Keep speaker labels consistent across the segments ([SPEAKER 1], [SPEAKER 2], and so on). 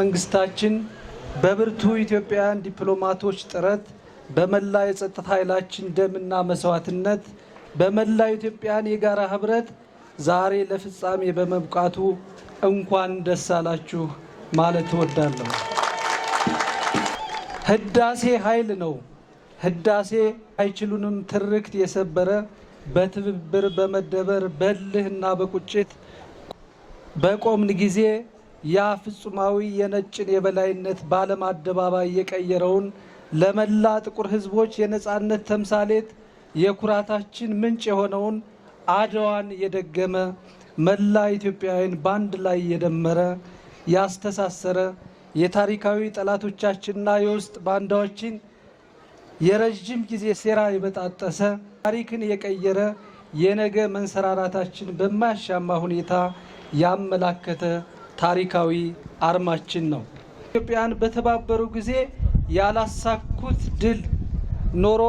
[SPEAKER 1] መንግስታችን በብርቱ ኢትዮጵያውያን ዲፕሎማቶች ጥረት በመላ የጸጥታ ኃይላችን ደምና መስዋዕትነት በመላ ኢትዮጵያን የጋራ ህብረት ዛሬ ለፍጻሜ በመብቃቱ እንኳን ደስ አላችሁ ማለት እወዳለሁ። ህዳሴ ኃይል ነው። ህዳሴ አይችሉንም ትርክት የሰበረ በትብብር በመደበር በልህና በቁጭት በቆምን ጊዜ ያ ፍጹማዊ የነጭን የበላይነት በዓለም አደባባይ የቀየረውን ለመላ ጥቁር ሕዝቦች የነጻነት ተምሳሌት የኩራታችን ምንጭ የሆነውን አድዋን የደገመ መላ ኢትዮጵያውያን በአንድ ላይ የደመረ ያስተሳሰረ የታሪካዊ ጠላቶቻችንና የውስጥ ባንዳዎችን የረዥም ጊዜ ሴራ የበጣጠሰ ታሪክን የቀየረ የነገ መንሰራራታችን በማያሻማ ሁኔታ ያመላከተ ታሪካዊ አርማችን ነው። ኢትዮጵያን በተባበሩ ጊዜ ያላሳኩት ድል ኖሮ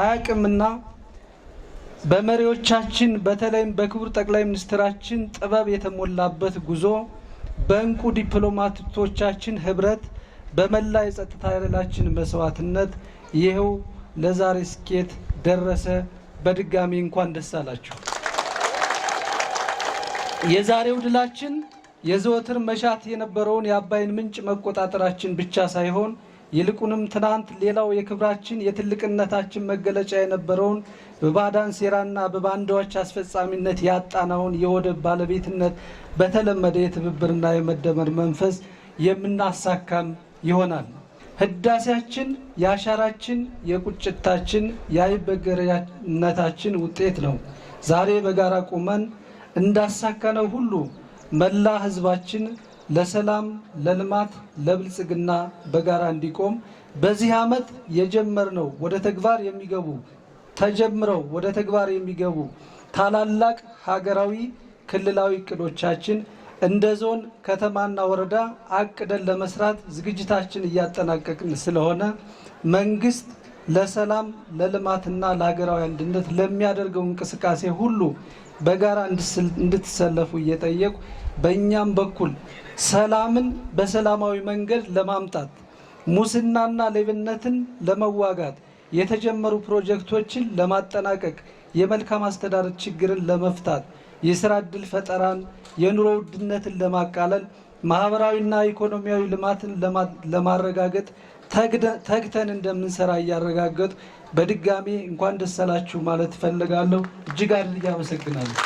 [SPEAKER 1] አያቅምና በመሪዎቻችን በተለይም በክቡር ጠቅላይ ሚኒስትራችን ጥበብ የተሞላበት ጉዞ በእንቁ ዲፕሎማቶቻችን ህብረት በመላ የጸጥታ ኃይላችን መስዋዕትነት ይኸው ለዛሬ ስኬት ደረሰ። በድጋሚ እንኳን ደስ አላችሁ። የዛሬው ድላችን የዘወትር መሻት የነበረውን የአባይን ምንጭ መቆጣጠራችን ብቻ ሳይሆን ይልቁንም ትናንት ሌላው የክብራችን የትልቅነታችን መገለጫ የነበረውን በባዕዳን ሴራና በባንዳዎች አስፈጻሚነት ያጣናውን የወደብ ባለቤትነት በተለመደ የትብብርና የመደመር መንፈስ የምናሳካም ይሆናል። ህዳሴያችን የአሻራችን፣ የቁጭታችን፣ የአይበገሬነታችን ውጤት ነው። ዛሬ በጋራ ቁመን እንዳሳካነው ሁሉ መላ ህዝባችን ለሰላም፣ ለልማት፣ ለብልጽግና በጋራ እንዲቆም በዚህ ዓመት የጀመርነው ወደ ተግባር የሚገቡ ተጀምረው ወደ ተግባር የሚገቡ ታላላቅ ሀገራዊ ክልላዊ እቅዶቻችን እንደ ዞን ከተማና ወረዳ አቅደን ለመስራት ዝግጅታችን እያጠናቀቅን ስለሆነ መንግስት ለሰላም ለልማትና ለሀገራዊ አንድነት ለሚያደርገው እንቅስቃሴ ሁሉ በጋራ እንድትሰለፉ እየጠየቁ በእኛም በኩል ሰላምን በሰላማዊ መንገድ ለማምጣት ሙስናና ሌብነትን ለመዋጋት የተጀመሩ ፕሮጀክቶችን ለማጠናቀቅ የመልካም አስተዳደር ችግርን ለመፍታት የስራ ዕድል ፈጠራን፣ የኑሮ ውድነትን ለማቃለል ማህበራዊና ኢኮኖሚያዊ ልማትን ለማረጋገጥ ተግተን እንደምንሰራ እያረጋገጡ በድጋሚ እንኳን ደስ አላችሁ ማለት እፈልጋለሁ። እጅግ አድርጌ አመሰግናለሁ።